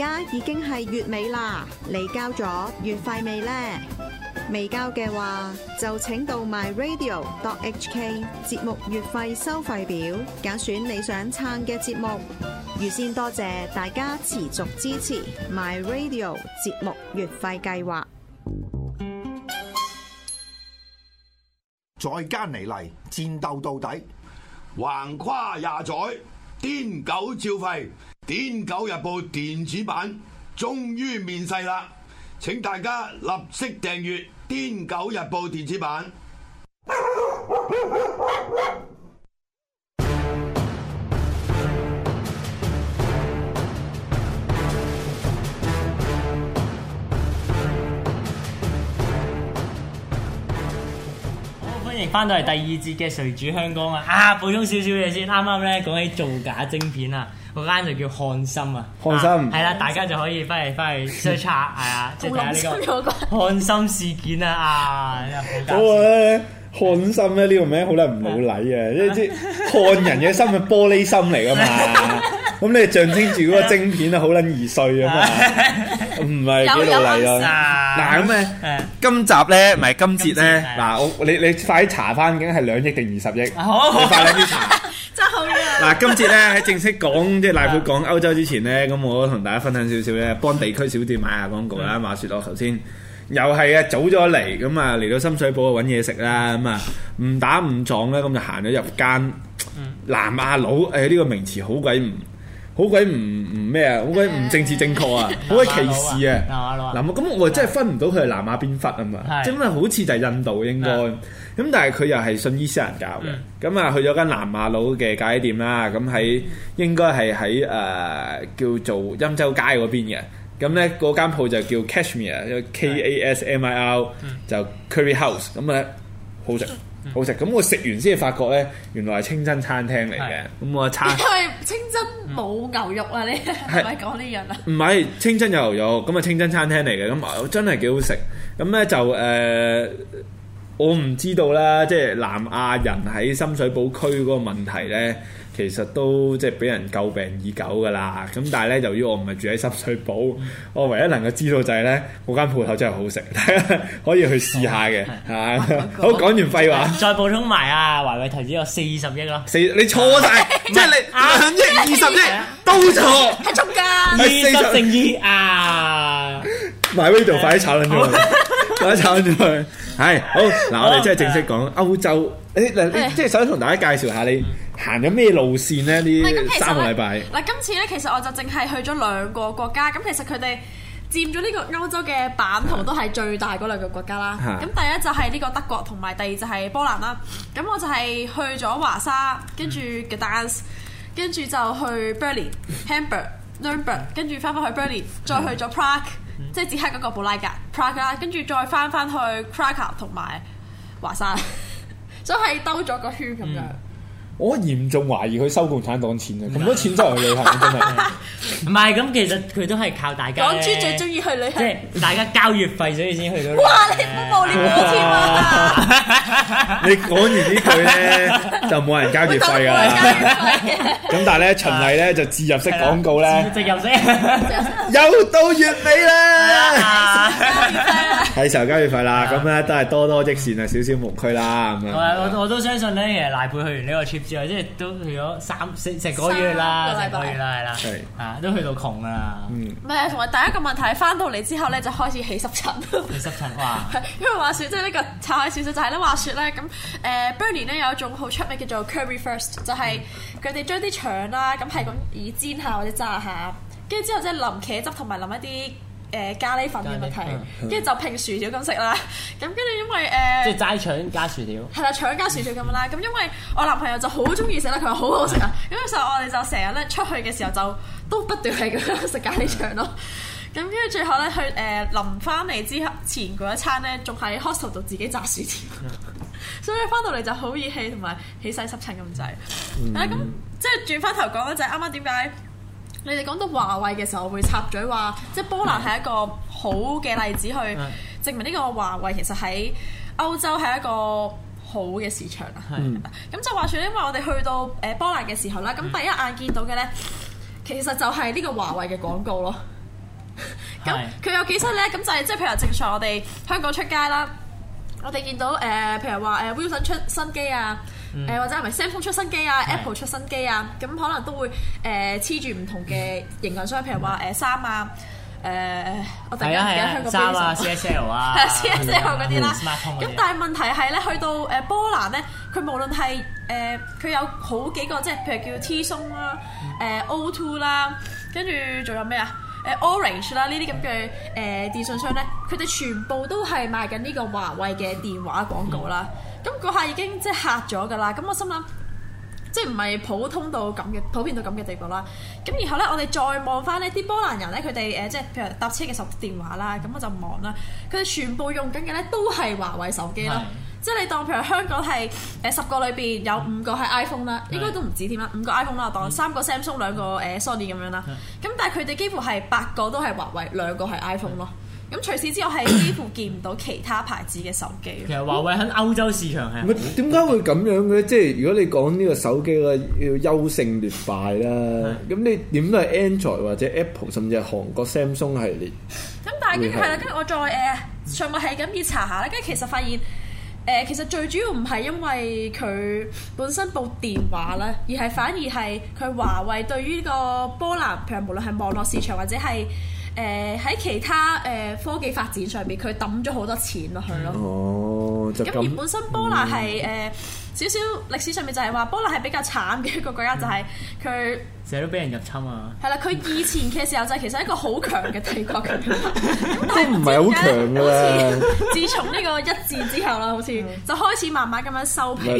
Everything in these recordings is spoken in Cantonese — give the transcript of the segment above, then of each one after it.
而家已經係月尾啦，你交咗月費未呢？未交嘅話，就請到 myradio.hk 節目月費收費表，揀選你想撐嘅節目。預先多謝大家持續支持 myradio 節目月費計劃。再加嚟嚟，戰鬥到底，橫跨廿載，癲狗照吠。《癲狗日報》電子版終於面世啦，請大家立即訂閱《癲狗日報》電子版。好，歡迎翻到嚟第二節嘅誰主香港啊！啊，補充少少嘢先，啱啱咧講起造假晶片啊！就叫漢心啊，漢心係啦，大家就可以翻嚟翻嚟追查，係啊，即係睇呢個漢心事件啊，啊！嗰個咧漢心咧呢個名好撚唔老禮啊，即即漢人嘅心係玻璃心嚟噶嘛，咁你象徵住嗰個晶片啊，好撚易碎啊嘛，唔係幾老禮啊？嗱咁咧，今集咧唔係今節咧？嗱，我你你快啲查翻，究竟係兩億定二十億？好快啲查。嗱，今次咧喺正式講即係，賴佢講歐洲之前咧，咁我同大家分享少少咧，幫地區小店買下廣告啦。話説我頭先又係啊，早咗嚟，咁啊嚟到深水埗搵嘢食啦，咁啊誤打誤撞啦，咁就行咗入間南亞佬，誒呢個名詞好鬼唔好鬼唔唔咩啊，好鬼唔政治正確啊，好鬼歧視啊，南亞佬。嗱，咁我真係分唔到佢係南亞邊忽啊嘛，即係好似就係印度應該。咁但係佢又係信伊斯蘭教嘅，咁啊、嗯嗯、去咗間南亞佬嘅咖喱店啦，咁喺、嗯、應該係喺誒叫做欽州街嗰邊嘅，咁咧嗰間鋪就叫 Kashmir, c a s h m e r 啊，K A S M I L 就 Curry House，咁啊好食好食，咁我食完先至發覺咧，原來係清真餐廳嚟嘅，咁是我差因為清真冇牛肉啊，你唔係講呢樣啊？唔係是 清真有牛肉，咁啊清真餐廳嚟嘅，咁真係幾好食，咁咧就誒。我唔知道啦，即係南亞人喺深水埗區嗰個問題咧，其實都即係俾人詬病已久噶啦。咁但係咧，由於我唔係住喺深水埗，我唯一能夠知道就係咧，嗰間鋪頭真係好食，大家可以去試下嘅。係啊，好，講完廢話。再補充埋啊，華為投資有四十億咯。四，你錯曬，唔係兩億二十億都錯，係錯㗎，係四十億啊！MyRadio，快啲炒咗佢，快啲炒咗佢。係好嗱， 我哋真係正式講 歐洲。誒即係想同大家介紹下你行緊咩路線咧？呢三個禮拜嗱，今次咧其實呢我就淨係去咗兩個國家。咁其實佢哋佔咗呢個歐洲嘅版圖都係最大嗰兩個國家啦。咁 第一就係呢個德國，同埋第二就係波蘭啦。咁我就係去咗華沙，跟住嘅 dance，跟住就去 Berlin、Hamburg、Nürnberg，跟住翻返去 Berlin，再去咗 Prague。即係只係嗰個布拉格 （Prague），跟住再翻翻去 Krakow 同埋華沙， 所以係兜咗個圈咁樣。嗯我嚴重懷疑佢收共產黨錢啊！咁多錢走去旅行，真係唔係咁？其實佢都係靠大家。講住最中意去旅行，即係大家交月費所以先去到。哇！你冇冇料到啊！你講完啲佢咧，就冇人交月費㗎喇。咁但係咧，循例咧就植入式廣告咧，植入又到月尾啦，係時候交月費啦。咁咧都係多多益善啊，少少無拘啦。咁樣我我都相信咧，誒賴佩去完呢個 t 之後即係都去咗三、四、成個月啦，個禮拜，成個月啦係啦，對啊都去到窮啦。唔係，同埋第一個問題，翻到嚟之後咧就開始起濕疹。起濕疹哇！係 因為話說即係呢個炒下少少就係咧話說咧咁。Berlin 咧有一種好出名叫做 Currywurst，就係佢哋將啲腸啦咁係咁耳煎下或者炸下，跟住之後即係淋茄汁同埋淋一啲。誒咖喱粉嘅問題，跟住喱就拼薯條咁食啦。咁跟住因為誒，即係齋腸加薯條。係啦、嗯，腸加薯條咁樣啦。咁因為我男朋友就好中意食啦，佢話好好食啊。咁嘅時候我哋就成日咧出去嘅時候就都不斷係咁樣食咖喱腸咯。咁跟住最後咧去誒臨翻嚟之前嗰一餐咧，仲喺 hostel 度自己炸薯條。嗯、所以翻到嚟就好熱氣同埋起晒濕疹咁滯。啊咁、嗯，即係轉翻頭講就係啱啱點解，你哋講到華為嘅時候，我會插嘴話，即係波蘭係一個好嘅例子去證明呢個華為其實喺歐洲係一個好嘅市場啊！咁、嗯、就話說，因為我哋去到誒波蘭嘅時候啦，咁第一眼見到嘅咧，其實就係呢個華為嘅廣告咯。咁佢是 有幾出咧？咁就係即係譬如話，正常我哋香港出街啦，我哋見到誒、呃，譬如話誒、呃、Wilson 出新機啊。誒或者係咪 Samsung 出新機啊，Apple 出新機啊，咁可能都會誒黐住唔同嘅營運商，譬如話誒三啊，誒我突然間香港三啊，CSL 啊，CSL 嗰啲啦。咁但係問題係咧，去到誒波蘭咧，佢無論係誒佢有好幾個即係譬如叫 T- 松啦，誒 O2 啦，跟住仲有咩啊？誒 Orange 啦，呢啲咁嘅誒電信商咧，佢哋全部都係賣緊呢個華為嘅電話廣告啦。咁嗰下已經即係嚇咗㗎啦，咁我心諗即係唔係普通到咁嘅普遍到咁嘅地步啦。咁然後咧，我哋再望翻呢啲波蘭人咧，佢哋誒即係譬如搭車嘅時候電話啦，咁我就唔望啦，佢哋全部用緊嘅咧都係華為手機啦。是即係你當譬如香港係誒十個裏邊有五個係 iPhone 啦是，應該都唔止添啦，五個 iPhone 啦，我當三個 Samsung 兩個誒 Sony 咁樣啦。咁是但係佢哋幾乎係八個都係華為，兩個係 iPhone 咯。咁除此之外，係幾乎見唔到其他牌子嘅手機。其實華為喺歐洲市場係唔係點解會咁樣嘅？即係如果你講呢個手機嘅要優勝劣敗啦，咁 你點都係 Android 或者 Apple，甚至係韓國 Samsung 系列。咁但係係啦，跟住是我再誒上網係咁要查下啦，跟住其實發現誒、呃，其實最主要唔係因為佢本身部電話啦，而係反而係佢華為對於呢個波蘭譬如無論係網絡市場或者係。誒喺、呃、其他誒、呃、科技發展上面，佢抌咗好多錢落去咯。哦，咁而本身波蘭係誒、嗯呃、少少歷史上面就係話波蘭係比較慘嘅一個國家，嗯、就係佢。成日都俾人入侵啊！係啦，佢以前嘅時候就係其實一個好強嘅帝國即 但唔係好強嘅啦。自從呢個一戰之後啦，好似就開始慢慢咁樣收皮、嗯、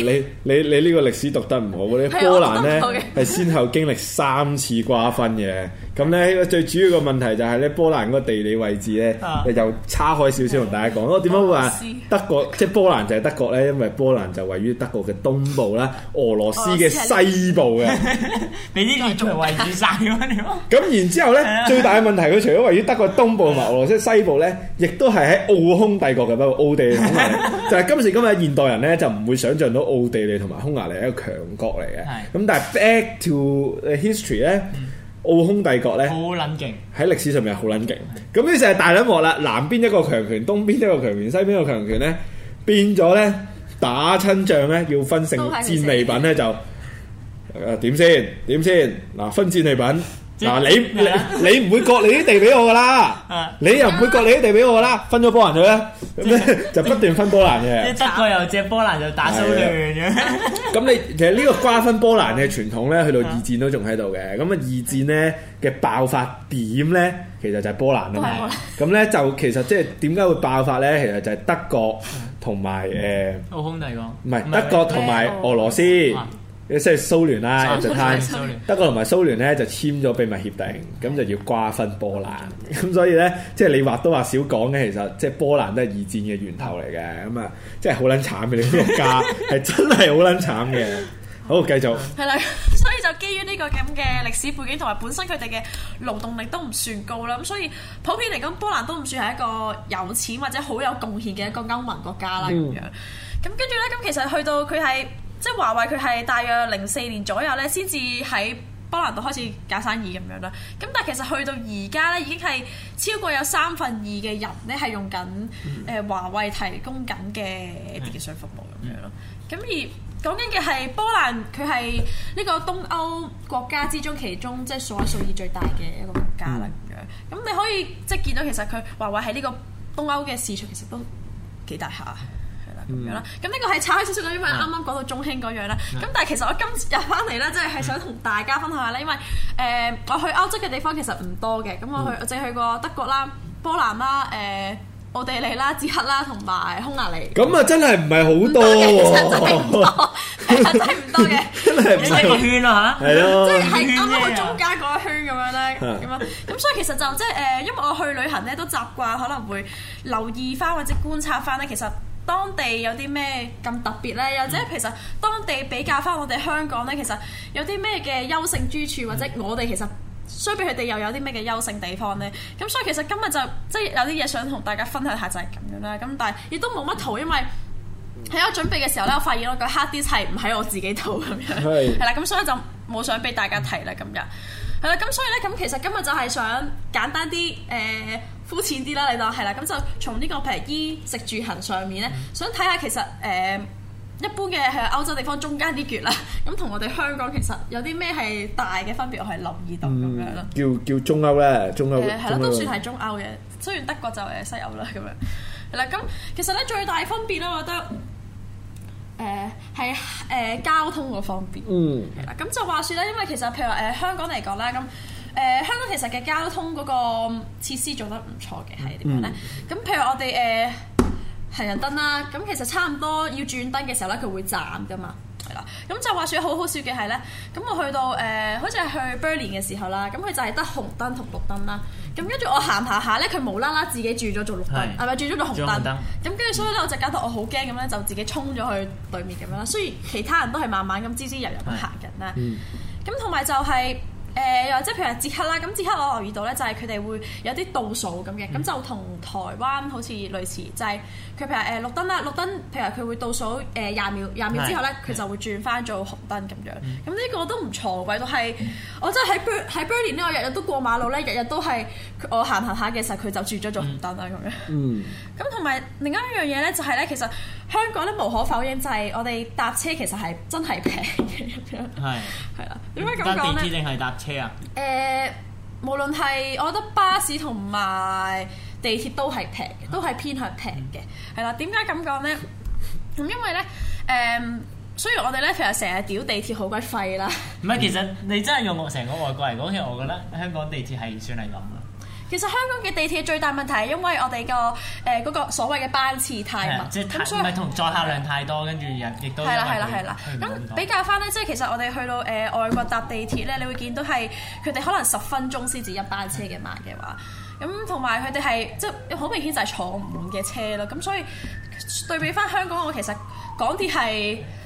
你你你呢個歷史讀得唔好？呢對波蘭咧係先後經歷三次瓜分嘅。咁咧最主要嘅問題就係呢波蘭個地理位置咧又 差開少少。同大家講，我點解話德國即係波蘭就係德國咧？因為波蘭就位於德國嘅東部啦，俄羅斯嘅西部嘅。你呢？咁， 然之後呢， 最大嘅問題佢除咗位於德國東部，同埋俄羅斯西部呢，亦都係喺奧匈帝國嘅，不過奧地利，利 就係今時今日現代人呢，就唔會想象到奧地利同埋匈牙利係一個強國嚟嘅。咁是但係 back to history 呢，嗯、奧匈帝國呢，好冷靜喺歷史上面好冷靜。咁是於是係大輪和啦，南邊一個強權，東邊一個強權，西邊一個強權呢，變咗呢，打親仗呢，要分成戰利品呢，就。 誒，點先？點先？嗱，分戰利品。嗱，你你你唔會割你啲地俾我噶啦，你又唔會割你啲地俾我噶啦。分咗波蘭咗咩？就不斷分波蘭嘅。德國又借波蘭就打蘇聯嘅。咁你其實呢個瓜分波蘭嘅傳統咧，去到二戰都仲喺度嘅。咁啊，二戰咧嘅爆發點咧，其實就係波蘭啊嘛。咁咧就其實即係點解會爆發咧？其實就係德國同埋誒，奧匈帝國，唔係德國同埋俄羅斯。即係蘇聯啦，就泰德國同埋蘇聯咧就簽咗秘密協定，咁就要瓜分波蘭。咁所以咧，即係你話都話少講嘅，其實即係波蘭都係二戰嘅源頭嚟嘅。咁啊，即係好撚慘嘅呢個國家，係真係好撚慘嘅。好，繼續係啦。所以就基於呢個咁嘅歷史背景，同埋本身佢哋嘅勞動力都唔算高啦。咁所以普遍嚟講，波蘭都唔算係一個有錢或者好有貢獻嘅一個歐盟國家啦。咁樣咁跟住咧，咁其實去到佢係。即係華為佢係大約零四年左右咧，先至喺波蘭度開始搞生意咁樣啦。咁但係其實去到而家咧，已經係超過有三分二嘅人咧係用緊誒華為提供緊嘅技術服務咁樣咯。咁、嗯、而講緊嘅係波蘭，佢係呢個東歐國家之中其中即係、就是、數一數二最大嘅一個國家啦。咁樣咁你可以即係見到其實佢華為喺呢個東歐嘅市場其實都幾大下。咁樣啦，咁呢、嗯、個係炒開少少嗰啲，咪啱啱講到中興嗰樣咧。咁、嗯、但係其實我今次日翻嚟咧，即係係想同大家分享下咧，因為誒、呃、我去歐洲嘅地方其實唔多嘅。咁我去，我淨係去過德國啦、波蘭啦、誒、呃、奧地利啦、捷克啦，同埋匈牙利。咁啊，真係唔係好多嘅，其實，真係唔多，其實真係唔多嘅。咁你係唔識個圈啦嚇？係咯，即係係咁樣，中間嗰一圈咁樣咧，咁樣。咁所以其實就即係誒，因為我去旅行咧，都習慣可能會留意翻或者觀察翻咧，其實。當地有啲咩咁特別呢？又或者其實當地比較翻我哋香港呢？其實有啲咩嘅優勝之處，或者我哋其實衰畀佢哋又有啲咩嘅優勝地方呢？咁所以其實今日就即、就係、有啲嘢想同大家分享下就係咁樣啦。咁但係亦都冇乜圖，因為喺我準備嘅時候呢，我發現我個 hard disk，r 係唔喺我自己度咁樣。係係啦，咁 所以就冇想俾大家睇啦。今日係啦，咁所以呢，咁其實今日就係想簡單啲誒。呃膚淺啲啦，你就係啦，咁就從呢、這個譬如衣食住行上面咧，想睇下其實誒、呃、一般嘅喺歐洲地方中間啲橛啦，咁 同我哋香港其實有啲咩係大嘅分別，我係留意到咁樣咯。叫叫中歐咧，中歐係咯，呃、歐都算係中歐嘅。雖然德國就係西歐啦，咁樣係啦。咁其實咧最大分別咧，我覺得誒係誒交通個方便。嗯，係啦。咁就話説咧，因為其實譬如話誒、呃、香港嚟講咧，咁。誒香港其實嘅交通嗰個設施做得唔錯嘅，係點樣咧？咁譬如我哋誒行人燈啦，咁其實差唔多要轉燈嘅時候咧，佢會斬噶嘛，係啦。咁就話説好好笑嘅係咧，咁我去到誒，好似係去 Berlin 嘅時候啦，咁佢就係得紅燈同綠燈啦。咁跟住我行下下咧，佢無啦啦自己住咗做綠燈，係咪住咗做紅燈？咁跟住所以咧，我就搞到我好驚咁咧，就自己衝咗去對面咁樣啦。雖然其他人都係慢慢咁滋滋遊遊咁行緊啦，咁同埋就係。誒又、呃、或者譬如話捷克啦，咁捷克我留意到咧就係佢哋會有啲倒數咁嘅，咁就同台灣好似類似，就係、是、佢譬如誒綠燈啦，綠燈譬如佢會倒數誒廿、呃、秒，廿秒之後咧，佢就會轉翻做紅燈咁、嗯、樣。咁、嗯、呢、嗯、個都唔錯，唯獨係我真係喺喺 Berlin 呢我日日都過馬路咧，日日都係我行行下嘅時候，佢就轉咗做紅燈啦咁樣。嗯。咁同埋另外一樣嘢咧，就係咧，其實香港咧無可否認就係我哋搭車其實係真係平嘅咁樣。係、嗯。係啦。點解咁講咧？搭地鐵定係搭誒、嗯，無論係我覺得巴士同埋地鐵都係平，都係偏向平嘅，係啦。點解咁講咧？咁因為咧，誒、嗯，雖然我哋咧其實成日屌地鐵好鬼廢啦，唔係、嗯，其實你真係用我成個外國嚟講，其實我覺得香港地鐵係算係咁啦。其實香港嘅地鐵最大問題係因為我哋、呃，那個誒、嗰所謂嘅班次太密，咁所以唔係同載客量太多，的跟住亦都係啦係啦係啦。咁比較翻咧，即係其實我哋去到誒、呃、外國搭地鐵咧，你會見到係佢哋可能十分鐘先至一班車嘅密嘅話，咁同埋佢哋係即係好明顯就係坐唔滿嘅車咯。咁所以對比翻香港，我其實港鐵係。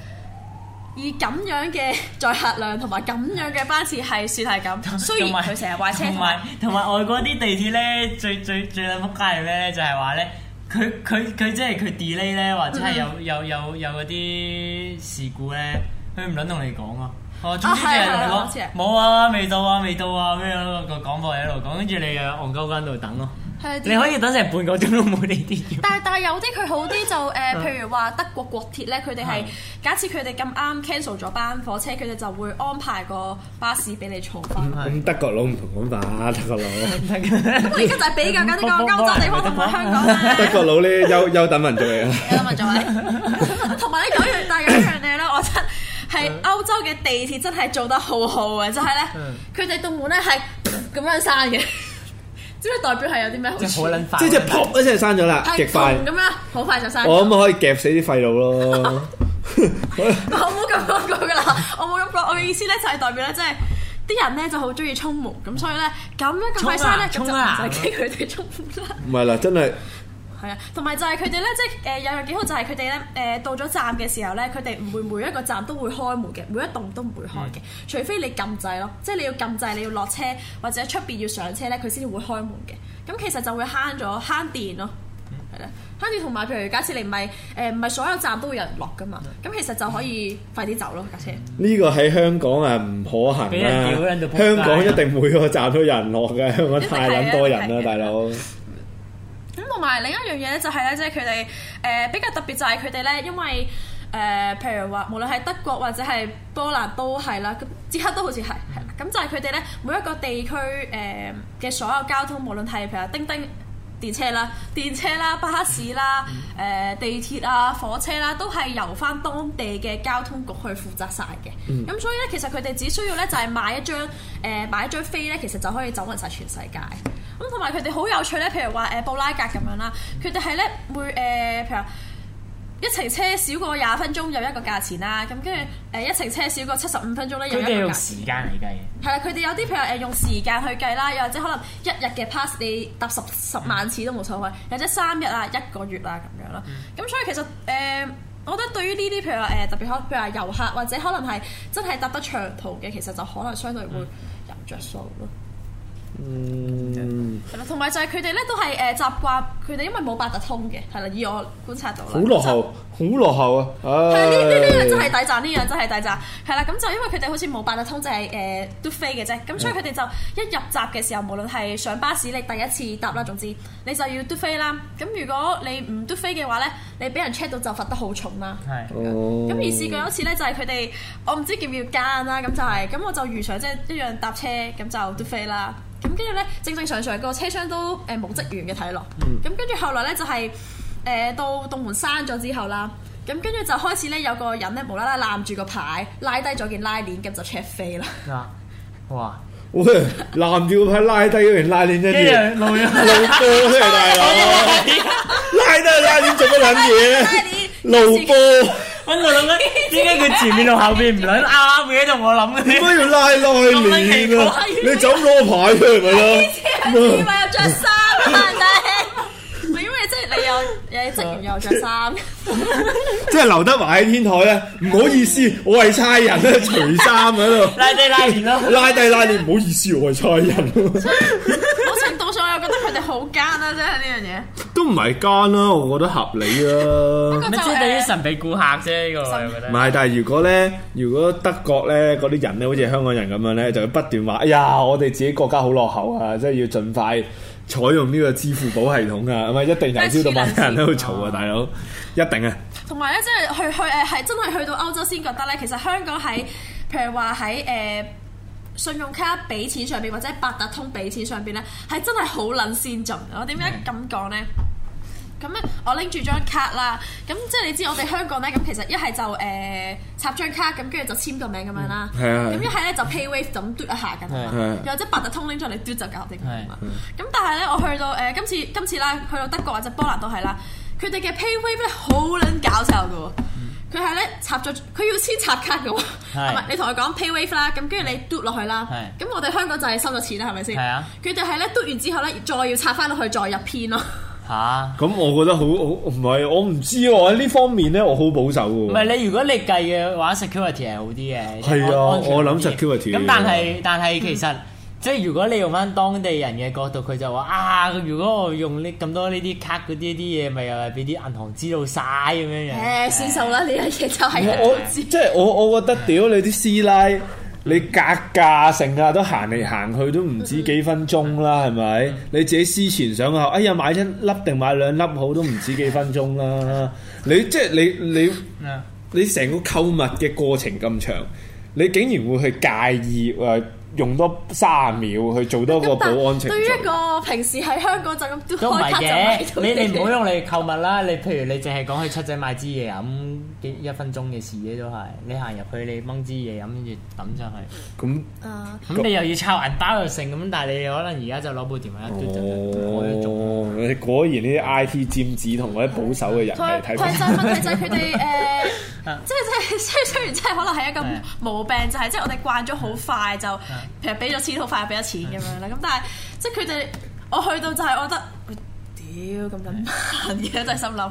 以咁樣嘅載客量同埋咁樣嘅班次係算係咁，雖然佢成日壞車。同埋同埋外國啲地鐵咧，最最最撲街嘅咧就係話咧，佢佢佢即係佢 delay 咧，或者係有有有有啲事故咧，佢唔撚同你講啊！啊係係冇啊，未、啊、到啊，未到啊，咩樣咯？個廣播喺度講，跟住你又戇鳩間度等咯。嗯嗯嗯嗯。你可以等成半個鐘都冇呢啲。但係但係有啲佢好啲就誒，譬如話德國國鐵咧，佢哋係假設佢哋咁啱 cancel 咗班火車，佢哋就會安排個巴士俾你坐翻。咁德國佬唔同講法，德國佬。咁我而家就係比較緊啲講歐洲地方同埋香港。德國佬呢優優等民族嚟啊！優等民族嚟。同埋咧有一樣，但係有一樣嘢咧，我真係歐洲嘅地鐵真係做得好好嘅，就係咧，佢哋道門咧係咁樣閂嘅。即係代表係有啲咩好？即係即係噗一聲就刪咗啦，極快咁樣，好快就刪。我咁可以夾死啲廢佬咯！我冇咁講句噶啦，我冇咁講。我嘅意思咧就係代表咧，即係啲人咧就好中意衝門，咁所以咧咁樣咁快刪咧，啊、就係驚佢哋衝啦。唔係、啊啊、 啦，真係。係啊，同埋就係佢哋咧，即係誒有樣幾好就，就係佢哋咧誒到咗站嘅時候咧，佢哋唔會每一個站都會開門嘅，每一棟都唔會開嘅，除非你撳掣咯，即係你要撳掣，你要落車或者出面要上車咧，佢先會開門嘅。咁其實就會慳咗慳電咯，係啦，慳電同埋譬如假設你唔係誒唔係所有站都會有人落噶嘛，咁其實就可以快啲走咯架車。呢個喺香港係唔可行啦，人人香港一定每個站都有人落嘅，香港 太撚多人啦，大佬。同埋另一樣嘢咧，就係咧，即係佢哋誒比較特別就係佢哋咧，因為誒、呃、譬如話，無論係德國或者係波蘭都係啦，捷克都好似係係啦，咁就係佢哋咧每一個地區誒嘅、呃、所有交通，無論係譬如話叮叮，電車啦、電車啦、巴士啦、誒、呃、地鐵啊、火車啦，都係由翻當地嘅交通局去負責晒嘅。咁、嗯、所以咧，其實佢哋只需要咧就係買一張誒、呃、買一張飛咧，其實就可以走勻晒全世界。咁同埋佢哋好有趣咧，譬如話誒布拉格咁樣啦，佢哋係咧會誒、呃、譬如話。一程車少過廿分鐘又一個價錢啦，咁跟住誒一程車少過七十五分鐘咧又一個價錢。咁時間嚟計。係啦， 佢哋有啲譬如誒用時間去計啦，又或者可能一日嘅 pass 你搭十十萬次都冇所謂，又或者三日啊、一個月啊咁樣咯。咁、嗯、所以其實誒、呃，我覺得對於呢啲譬如誒、呃、特別可能譬如話遊客或者可能係真係搭得長途嘅，其實就可能相對會有着數咯。嗯嗯嗯，係啦，同埋就係佢哋咧都係誒習慣，佢哋因為冇八達通嘅，係啦，以我觀察到啦，好落後，好實落後啊！係呢呢呢真係抵讚，呢樣真係抵讚。係啦、嗯，咁就因為佢哋好似冇八達通，就係、是、誒、呃、嘟飛嘅啫。咁所以佢哋就一入閘嘅時候，無論係上巴士，你第一次搭啦，總之你就要嘟飛啦。咁如果你唔嘟飛嘅話咧，你俾人 check 到就罰得好重啦。係對，哦。咁而試過有一次咧，就係佢哋我唔知叫唔叫奸啦，咁就係咁，我就如常，即係一樣搭車咁就嘟飛啦。咁跟住咧，正正常常個車廂都誒冇職員嘅睇落。咁跟住後來咧，就係誒到洞門閂咗之後啦。咁跟住就開始咧，有個人咧無啦啦攬住個牌，拉低咗件拉鍊，跟住就扯飛啦。哇！攬住個牌拉低咗件拉鍊，即係露波大佬啦！拉低拉鍊做乜撚嘢？露波。我喺度諗緊，點解佢前面同後邊唔撚啱嘅，同 我諗嘅。點解要拉拉鏈啊？你走咗攞牌出嚟咪咯？你咪有着衫啊！你，因為即係 你又。 有著又着衫。即係劉德華喺天台咧，唔 好意思，我係差人咧，除衫喺度。 拉低拉鏈啦， 拉低拉鏈，唔好意思，我係差人。某種程度上，又覺得佢哋好奸啊！真係呢樣嘢都唔係奸啦、啊，我覺得合理啊。咪即係對於神秘顧客啫，呢個我覺得唔係，但係如果咧，如果德國咧，嗰啲人咧，好似香港人咁樣咧，就要不斷話：哎呀，我哋自己國家好落後啊！即係要盡快。採用呢個支付寶系統啊，咪 一定 人朝到晚人都喺度嘈啊，大佬一定啊！同埋咧，即係去去誒，係真係去到歐洲先覺得咧，其實香港喺譬如話喺誒信用卡俾錢上邊，或者八達通俾錢上邊咧，係真係好撚先進，我點解咁講咧？ 咁咧，我拎住張卡啦，咁即係你知我哋香港咧，咁其實一係就誒、呃、插張卡，咁跟住就簽個名咁樣啦。係咁一係咧就 PayWave 就咁嘟一下㗎嘛。又 或者八達通拎出嚟嘟就搞掂。㗎咁、 嗯、但係咧，我去到誒、呃、今次今次啦，去到德國或者波蘭都係啦，佢哋嘅 PayWave 咧好撚搞笑㗎喎。佢係咧插咗，佢要先插卡嘅喎。 你同佢講 PayWave 啦，咁跟住你嘟落去啦。係， 咁我哋香港就係收咗錢啦，係咪先？係是啊，佢哋係咧嘟完之後咧，再要插翻落去再入編咯。吓，咁、啊、我覺得好好唔係，我唔知喎，喺呢方面咧，我好保守喎。唔係你，如果你計嘅話 security 係好啲嘅。係啊，我諗 security。咁但係但係其實，嗯、即係如果你用翻當地人嘅角度，佢就話啊，如果我用呢咁多呢啲卡嗰啲啲嘢，咪又係俾啲銀行知道晒咁樣嘅。誒、欸，算數啦，呢樣嘢就係、是、我我 即係我我覺得屌你啲師奶。你格價成日都行嚟行去都唔止幾分鐘啦，係咪？嗯、你自己思前想後，哎呀買一粒定買兩粒好都唔止幾分鐘啦、嗯。你即係你你你成個購物嘅過程咁長，你竟然會去介意啊？用多三秒去做多個保安程，對於一個平時喺香港就咁都開卡就嘅，你哋唔好用嚟購物啦。你譬如你淨係講去七仔買支嘢飲，幾一分鐘嘅事啫都係。你行入去你掹支嘢飲，跟住抌出去，咁咁你又要抄銀包又剩咁，但係你可能而家就攞部電話一嘟、哦、就果然呢啲 I T 尖子同嗰啲保守嘅人嚟睇， 但係但係但係佢哋誒，即係即係雖雖然即係可能係一個毛病，就係即係我哋慣咗好快就。 其實畀咗錢好快，又俾咗錢咁樣啦。咁但係，即係佢哋，我去到就係我覺得。屌，咁咁慢嘅，真係心諗，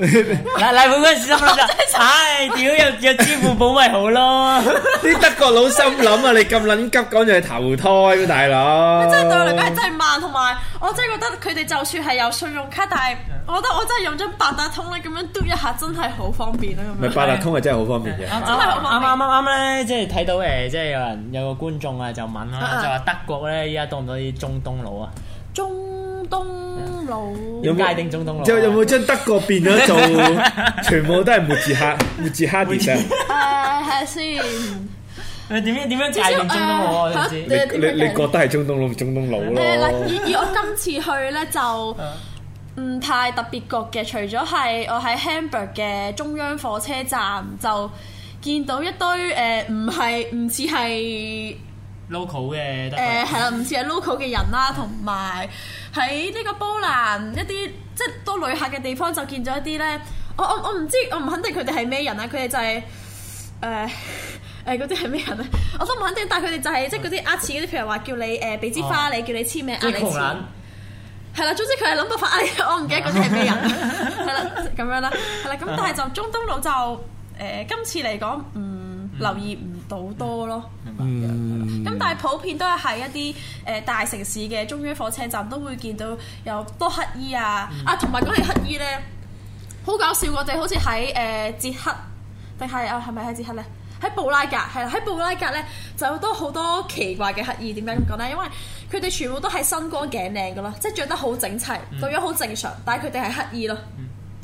嚟嚟款嗰陣時收樓就，唉屌有有支付寶咪好咯，啲 德國佬心諗啊，你咁撚急講就係投胎大佬。你真係對我嚟講係真係慢，同埋我真係覺得佢哋就算係有信用卡，但係我覺得我真係用咗八達通咧，咁樣嘟一下，真係好方便咯咁樣。八達通係真係好方便嘅，真係好方便啱啱啱咧，即係睇到誒，即係有人有個觀眾啊，就問啦，就話德國咧依家多唔多啲中東佬啊？中中東佬界定中東佬，啊，又又冇將德國變咗做，全部都係穆字克穆字克人。誒 係先。誒，點樣點樣界定中東佬，啊呃？ 你你覺得係中東佬唔中東佬咯 以？以以我今次去咧就唔太特別覺嘅，除咗係我喺 Hamburg 嘅中央火車站就見到一堆誒，唔係唔似係。local 嘅誒係啊，唔似係 local 嘅人啦，同埋喺呢個波蘭一啲即係多旅客嘅地方，就見咗一啲咧。我我我唔知，我唔肯定佢哋係咩人啊。佢哋就係誒誒嗰啲係咩人咧？我都唔肯定，但係佢哋就係即係嗰啲呃似嗰啲，譬如話叫你誒俾支花，你叫你簽名呃你。窮人係啦，總之佢係諗到法呃。我唔記得嗰啲係咩人，係啦咁樣啦，係啦咁。但係就中東佬就誒今次嚟講唔留意。好多咯，咁、嗯、但係普遍都係喺一啲誒大城市嘅中央火車站都會見到有多乞衣啊，嗯、啊同埋嗰啲乞衣咧，好搞笑！我哋好似喺誒捷克，定係啊係咪喺捷克咧？喺布拉格係啦，喺布拉格咧就好多好多奇怪嘅乞衣。點解咁講咧？因為佢哋全部都係身光頸靚嘅咯，即係著得好整齊，對、嗯、樣好正常，但係佢哋係乞衣咯。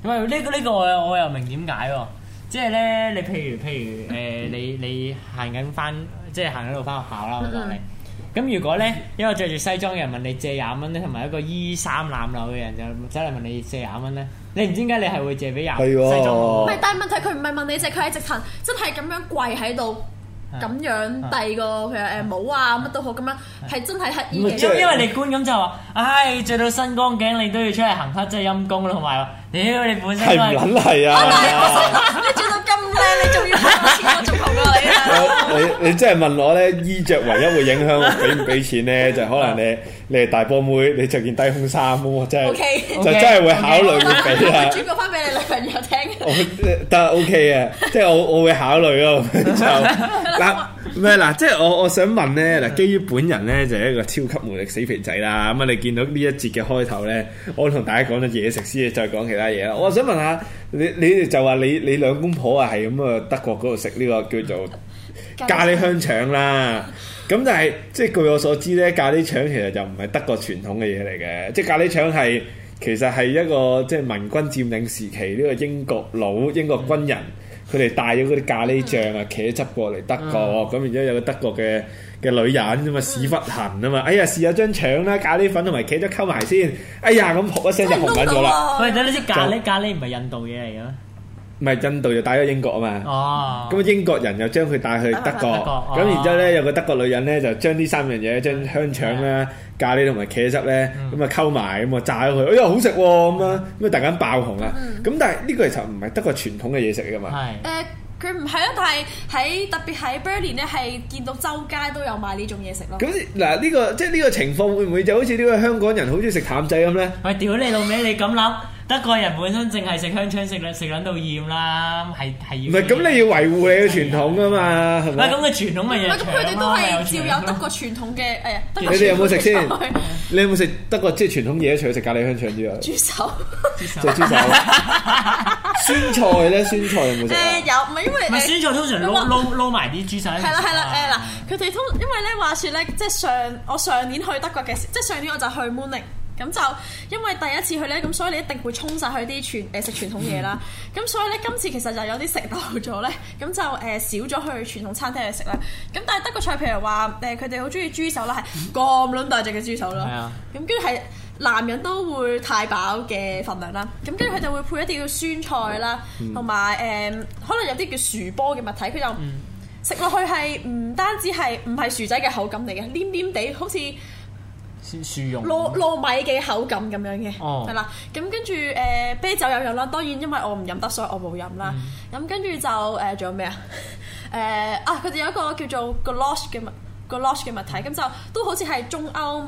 喂、嗯，呢、這個呢、這個我我又明點解喎？即係咧，你譬如譬如誒、呃，你你行緊翻，即係行緊路翻學校啦咁啊你。咁如果咧，一個着住西裝嘅人問你借廿蚊咧，同埋一個衣衫襤褸嘅人就走嚟問你借廿蚊咧，你唔知點解你係會借俾廿蚊？嗯、西裝。唔係、嗯，但係問題佢唔係問你借，佢係直情，真係咁樣跪喺度，咁、嗯、樣遞個譬如誒帽啊乜、嗯、都好咁樣，係真係乞兒因因為你觀感就話，唉，着到新光頸你都要出嚟行乞，真係陰公啦，同埋。屌、哎，你本身係唔撚係啊，啊你！你做到咁靚，你仲要俾錢 我仲紅過你啊！ 你你即係問我咧，衣着唯一會影響我俾唔俾錢咧，就係、可能你你係大波妹，你着件低胸衫，即係 Okay, 就真係會考慮要俾 okay, okay, 啊！ 轉個翻俾你女朋友聽。 我，但 OK 嘅，即係我我會考慮咯。 就嗱。唔嗱、 嗯，即係我我想問咧嗱，基於本人咧就係、是、一個超級無力死皮仔啦，咁、嗯、啊你見到呢一節嘅開頭咧，我同大家講咗嘢食先，再講其他嘢啦。嗯、我想問下你，你就話你你兩公婆啊係咁啊德國嗰度食呢個叫做咖喱香腸啦，咁、嗯嗯嗯、但係即係據我所知咧，咖喱腸其實就唔係德國傳統嘅嘢嚟嘅，即係咖喱腸係其實係一個即係民軍佔領時期呢、這個英國佬、英國軍人。嗯佢哋帶咗嗰啲咖喱醬啊、茄汁過嚟德國，咁、嗯、然之後有個德國嘅嘅女人咁嘛屎忽痕啊嘛，哎呀試下張腸啦，咖喱粉同埋茄汁溝埋先，哎呀咁噗一聲就紅粉咗啦。喂，睇你啲咖喱，就咖喱唔係印度嘢嚟嘅咩？唔係印度又帶咗英國嘛？哦！咁啊英國人又將佢帶去德國，咁、oh. 然之後咧有個德國女人咧就將呢三樣嘢，將、mm. 香腸咧、Yeah. 咖喱同埋茄汁咧，咁啊溝埋，咁啊炸咗佢，哎呀好食喎、哦！咁啊咁啊突然間爆紅啦！咁、mm. 但係呢個其實唔係德國傳統嘅嘢食嚟噶嘛？係誒、mm. 呃，佢唔係啊，但係喺特別喺 Berlin 咧係見到周街都有賣呢種嘢食咯。咁嗱呢個即係呢個情況會唔會就好似呢啲香港人好中意食淡仔咁咧？我屌你老味，你咁諗？德國人本身淨係食香腸食食食兩到厭啦，係係唔係咁，你要維護你嘅傳統啊嘛，係咪？唔係咁嘅傳統咪弱咁，佢哋都係照有德國傳統嘅誒。你哋有冇食先？你有冇食德國即係傳統嘢？除咗食咖喱香腸之外，豬手，豬手？豬手。酸菜咧，酸菜有冇食？誒有，唔係因為。唔係酸菜通常撈撈撈埋啲豬手。係啦係啦誒嗱，佢哋通因為咧話説咧，即係上我上年去德國嘅時，即係上年我就去 m o r n i n 咁就因為第一次去呢，咁所以你一定會衝晒去啲傳誒食傳統嘢啦。咁 所以呢，今次其實就有啲食飽咗呢，咁、嗯、就誒、呃、少咗去傳統餐廳去食啦。咁但係德國菜，譬如話誒，佢哋好中意豬手啦，係咁撚大隻嘅豬手咯。係。咁跟住係男人都會太飽嘅份量啦。咁跟住佢哋會配一啲叫酸菜啦，同埋誒可能有啲叫薯波嘅物體。佢就食落、嗯、去係唔單止係唔係薯仔嘅口感嚟嘅，黏黏地好似。粟糯米嘅口感咁樣嘅，係啦、哦。咁跟住誒啤酒有飲啦，當然因為我唔飲得，所以我冇飲啦。咁跟住就誒仲、呃、有咩、呃、啊？誒啊！佢哋有一個叫做個 Goulash 嘅物，個 Goulash、哦、Goulash 嘅物體，咁、哦、就都好似係中歐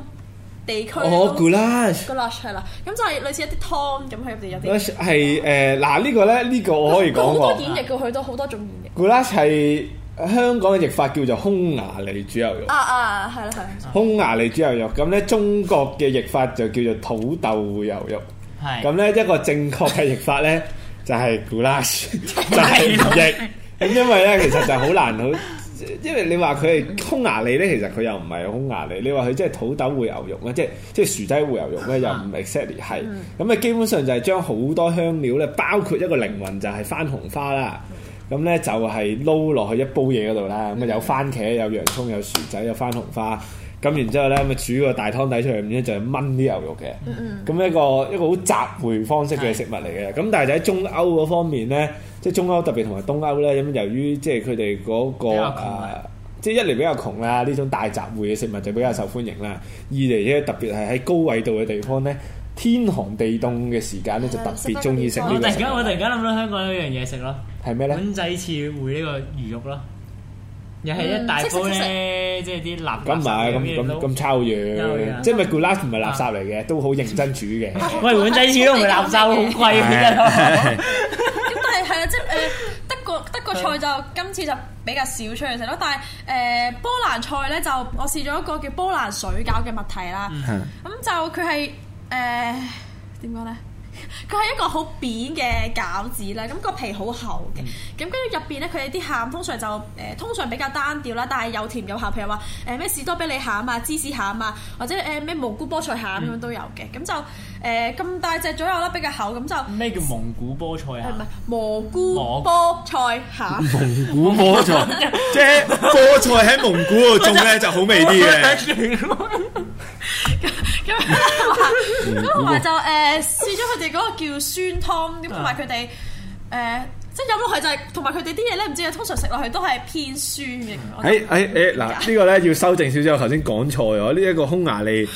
地區。我 Goulash，Goulash 係係啦。咁就係類似一啲湯咁，佢入邊有啲係誒嗱呢個咧，呢、呢個我可以講喎。好多演繹去都好多種演繹。Goulash 香港嘅譯法叫做匈牙利、啊啊、匈牙利煮牛肉，啊啊，係啦係。匈牙利煮牛肉，咁咧中國嘅譯法就叫做土豆燴牛肉。係はい，咁咧一個正確嘅譯法咧 就係古拉薯，就係唔譯。咁因為咧其實就好難，好，因為你話佢係匈牙利咧，其實佢又唔係匈牙利。你話佢即係土豆燴牛肉咧，即係即係薯仔燴牛肉咧、exactly い，又唔 exactly 係，咁啊基本上就係將好多香料咧，包括一個靈魂就係番紅花啦。咁咧就係撈落去一煲嘢嗰度啦，咁啊有番茄、有洋葱、有薯仔、有番紅花，咁然之後咧咁啊煮個大湯底出嚟，咁咧就炆啲牛肉嘅。咁、嗯、一個一個好雜燴方式嘅食物嚟嘅，咁是的 但係就喺中歐嗰方面咧，即係中歐特別同埋東歐咧，咁由於即係佢哋嗰個即係一嚟比較窮啦、啊呃，呢、就是、種大雜燴嘅食物就比較受歡迎啦。二嚟咧特別係喺高緯度嘅地方咧。天寒地凍嘅時間咧，就特別中意食呢。我突然間，我突然間諗到香港有一樣嘢食咯。係咩咧？碗仔翅燴呢個魚肉咯，又係一大煲咧，即係啲垃圾咁唔係咁咁咁抄樣，即係咪 Good luck 唔係垃圾嚟嘅，都好認真煮嘅。喂，碗仔翅都唔係垃圾，好貴嘅。咁但係係啊，即係誒，德國德國菜就今次就比較少出去食咯。但係誒波蘭菜咧，就我試咗一個叫波蘭水餃嘅物體啦。咁就佢係。誒點講咧？佢係、uh, 一個好扁嘅餃子啦，咁個皮好厚嘅，咁跟住入邊咧，佢哋啲餡，通常就誒、呃、通常比較單調啦，但係有甜有鹹，譬如話誒咩士多啤梨餡啊、芝士餡啊，或者誒咩、呃、蘑菇菠菜餡咁樣都有嘅，咁、嗯、就。誒，咁、呃、大隻左右啦，比較厚咁。就咩叫蒙古菠菜啊？唔係蘑菇菠菜吓，蒙古菠菜即係菠菜喺蒙古度種咧就好味啲嘅。咁咁， 咁同埋就菇誒，試咗佢哋嗰個叫酸湯，同埋佢哋誒，即係飲落去就係，同埋佢哋啲嘢咧，唔知啊，通常食落去都係偏酸嘅。誒誒誒，嗱、這、呢個咧要修正少少，我頭先講錯咗，呢、這、一個匈牙利。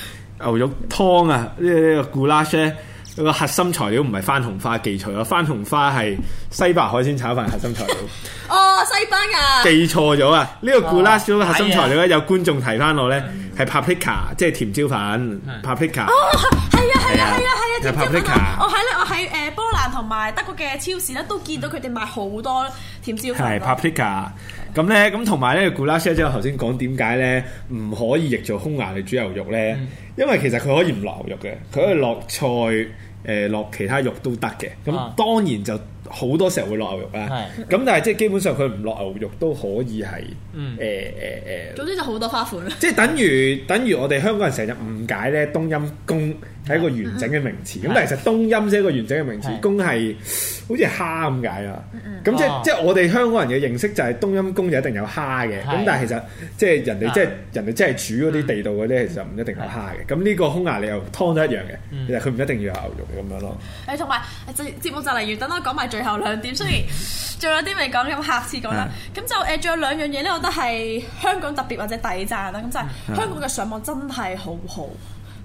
牛肉湯啊，呢個 goulash 咧，個核心材料唔係番紅花，記錯咗。番紅花係西班牙海鮮炒飯核心材料。哦，西班牙。記錯咗啊！呢個 goulash 嘅核心材料咧，有觀眾提翻我咧，係 paprika，即係甜椒粉，paprika。哦，係啊係啊係啊係啊！有 paprika。哦，係啦，我喺誒波蘭同埋德國嘅超市咧，都見到佢哋賣好多甜椒粉，係 paprika。咁咧，咁同埋咧，Goulash 即我頭先講點解咧，唔可以譯做匈牙利煮牛肉咧，嗯、因為其實佢可以唔落牛肉嘅，佢可以落菜，誒、呃、落其他肉都得嘅。咁當然就好多時候會落牛肉啦。咁、啊、但係即基本上佢唔落牛肉都可以係誒誒誒，嗯呃、總之就好多花款啦，嗯。 即等於等於我哋香港人成日誤解咧冬陰功。係一個完整嘅名詞，咁但其實冬陰即係一個完整嘅名詞，公係好似蝦咁解啊。咁即係即係我哋香港人嘅認識就係冬陰公就一定有蝦嘅，咁但係其實即係人哋即係人哋即係煮嗰啲地道嗰啲，其實唔一定有蝦嘅。咁呢個匈牙利又湯都一樣嘅，其實佢唔一定要有牛肉咁樣咯。誒，同埋節目就例如等我講埋最後兩點，雖然仲有啲未講，咁下次講啦。咁就誒，仲有兩樣嘢咧，我覺得係香港特別或者抵讚啦。咁就係香港嘅上網真係好好。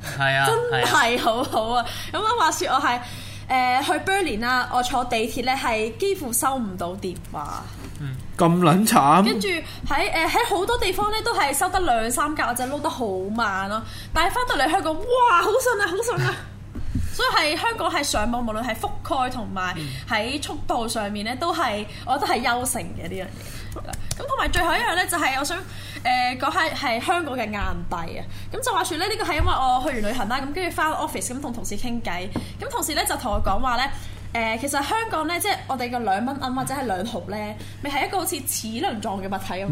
係啊， 真係好好啊！咁啊話説我係誒、呃、去 Berlin 啦，我坐地鐵咧係幾乎收唔到電話。嗯，咁撚慘。跟住喺誒喺好多地方咧都係收得兩三格，或者撈得好慢咯。但係翻到嚟香港，哇！好順啊，好順啊！ 所以係香港係上網，無論係覆蓋同埋喺速度上面咧，嗯、都係我覺得係優勝嘅呢樣嘢。咁同埋最後一樣呢，就係我想誒講下係香港嘅硬幣啊！咁就話説咧，呢個係因為我去完旅行啦，咁跟住翻 office 咁同同事傾偈，咁同事呢，就同我講話呢。誒，其實香港咧，即係我哋嘅兩蚊銀或者係兩毫咧，咪係一個好似齒輪狀嘅物體咁。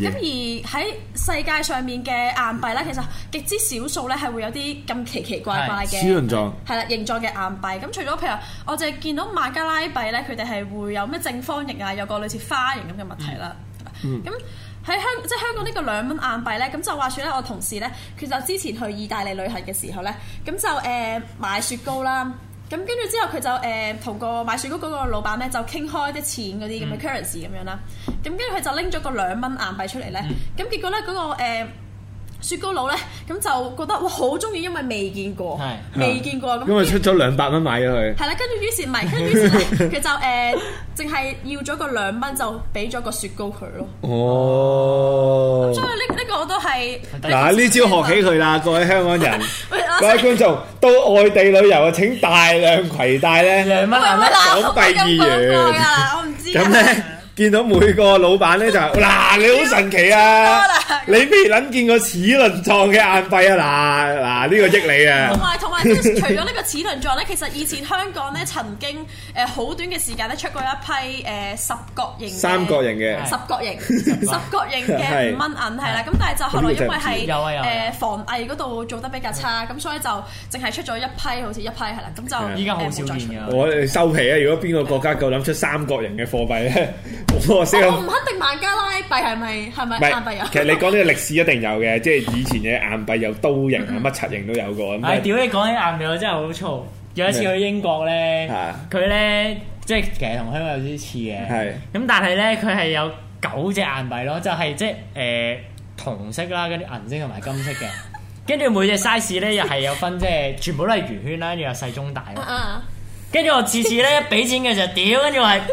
咁而喺世界上面嘅硬幣咧，其實極之少數咧係會有啲咁奇奇怪怪嘅齒 Yeah. 輪狀，係啦，形狀嘅硬幣。咁除咗譬如我凈係見到馬加拉幣咧，佢哋係會有咩正方形啊，有個類似花形咁嘅物體啦。咁喺香，即係香港呢個兩蚊硬幣咧，咁就話説咧，我同事咧，佢就之前去意大利旅行嘅時候咧，咁就誒、呃、買雪糕啦。 咁跟住之後，佢就誒同個買雪糕嗰個老闆咧， 就傾開啲錢嗰啲咁嘅 currency 咁樣啦。咁、嗯、跟住佢就拎咗個兩蚊硬幣出嚟咧。咁、嗯、結果咧，嗰、那個、呃、雪糕佬咧，咁、呃、就覺得哇，好中意，因為未見過，未見過咁。因為出咗兩百蚊買咗佢。係啦，跟住於是唔係，跟住咧，佢就誒淨係要咗個兩蚊， 就俾咗個雪糕佢咯。哦、 嗯，所以呢呢個我都係嗱呢招學起佢啦，各位香港人。 各位觀眾， 到外地旅遊啊，請大量攜帶呢，兩蚊啊，港幣二元。咁呢？見到每個老闆咧就，嗱，你好神奇啊！你未撚見過齒輪狀嘅硬幣啊，嗱嗱，呢個益你啊！同埋同埋即係除咗呢個齒輪狀咧，其實以前香港咧曾經誒好短嘅時間咧出過一批誒十角形嘅三角形嘅十角形十角形嘅五蚊銀係啦，咁但係就後來因為係誒防偽嗰度做得比較差，咁所以就淨係出咗一批好似一批係啦，咁就依家好少見嘅。我收皮啊！如果邊個國家夠諗出三角形嘅貨幣咧？我唔、哦、肯定孟加拉幣係咪係咪硬幣有。其實你講呢個歷史一定有嘅，即係以前嘅硬幣有刀形、乜柒形都有過。係、哎，屌你講起硬幣我真係好燥。有一次去英國咧，佢咧、啊、即係其實同香港有啲似嘅。係是。咁但係咧，佢係有九隻硬幣咯，就係即係誒銅色啦，跟住銀色同埋金色嘅。跟住 每隻 size 咧又係有分，即係全部都係圓圈啦，跟住又細中大。跟住 我次次咧俾錢嘅就屌，跟住話。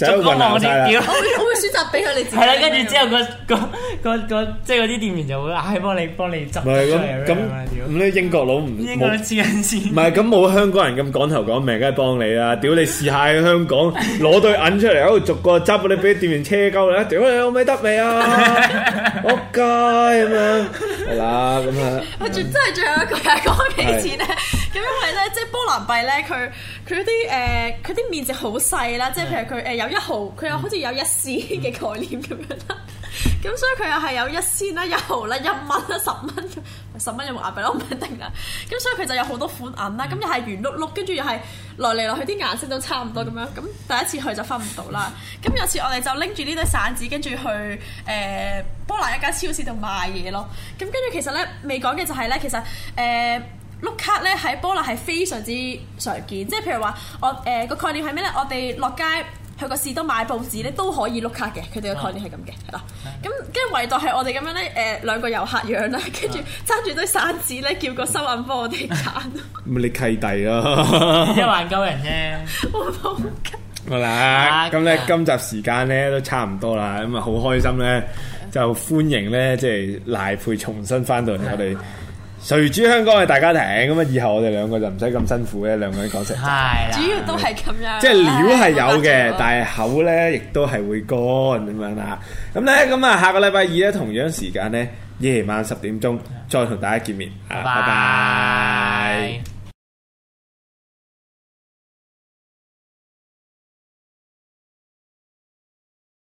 我會我會選擇俾佢哋係啦，跟住之後個個個即係嗰啲店員就會嗌幫你幫你執出嚟。咁咁，啲英國佬唔英國黐銀線。唔係咁冇香港人咁趕頭趕命，梗係幫你啦。屌你試下喺香港攞對銀出嚟，喺度逐個執咧俾啲店員車鳩你。屌你，我咪得未啊？撲街咁樣係啦，咁啊。我真係最後一句係講銀錢咧，咁因為咧，即係波蘭幣咧，佢佢啲誒佢啲面值好細啦，即係譬如佢誒有。一毫，佢又好似有一仙嘅概念咁樣啦，咁 所以佢又係有一仙啦、一毫啦、一蚊啦、十蚊、十蚊有冇牙幣？我唔肯定啦。咁 所以佢就有好多款銀啦。咁又係圓碌碌，跟住又係來嚟來，來去啲顏色都差唔多咁樣。咁第一次去就分唔到啦。咁 有次我哋就拎住呢堆散紙，跟住去誒、呃、波蘭一間超市度買嘢咯。咁跟住其實咧未講嘅就係、是、咧，其實誒碌、呃、卡咧喺波蘭係非常之常見，即係譬如話我誒個、呃呃、概念係咩咧？我哋落街。去個士多買報紙咧都可以碌卡嘅，佢哋嘅概念係咁嘅，係啦。咁跟住唯獨係我哋咁樣咧，誒、呃、兩個遊客樣啦，跟住揸住堆散紙咧，叫個收銀科我哋揀。咁 你契弟咯、啊，一萬鳩人啫。好唔好？好啦，咁咧今集時間咧都差唔多啦，咁啊好開心咧，就歡迎咧即係賴珮重新翻到嚟我哋。 誰主香江嘅大家庭咁啊！以後我哋兩個就唔使咁辛苦嘅，兩個人講食。係，主要都係咁樣。 即係料係有嘅， 但係口咧亦都係會乾咁 樣啦。咁咧咁啊，下個禮拜二咧，同樣時間咧，夜晚十點鐘，再同大家見面。拜拜。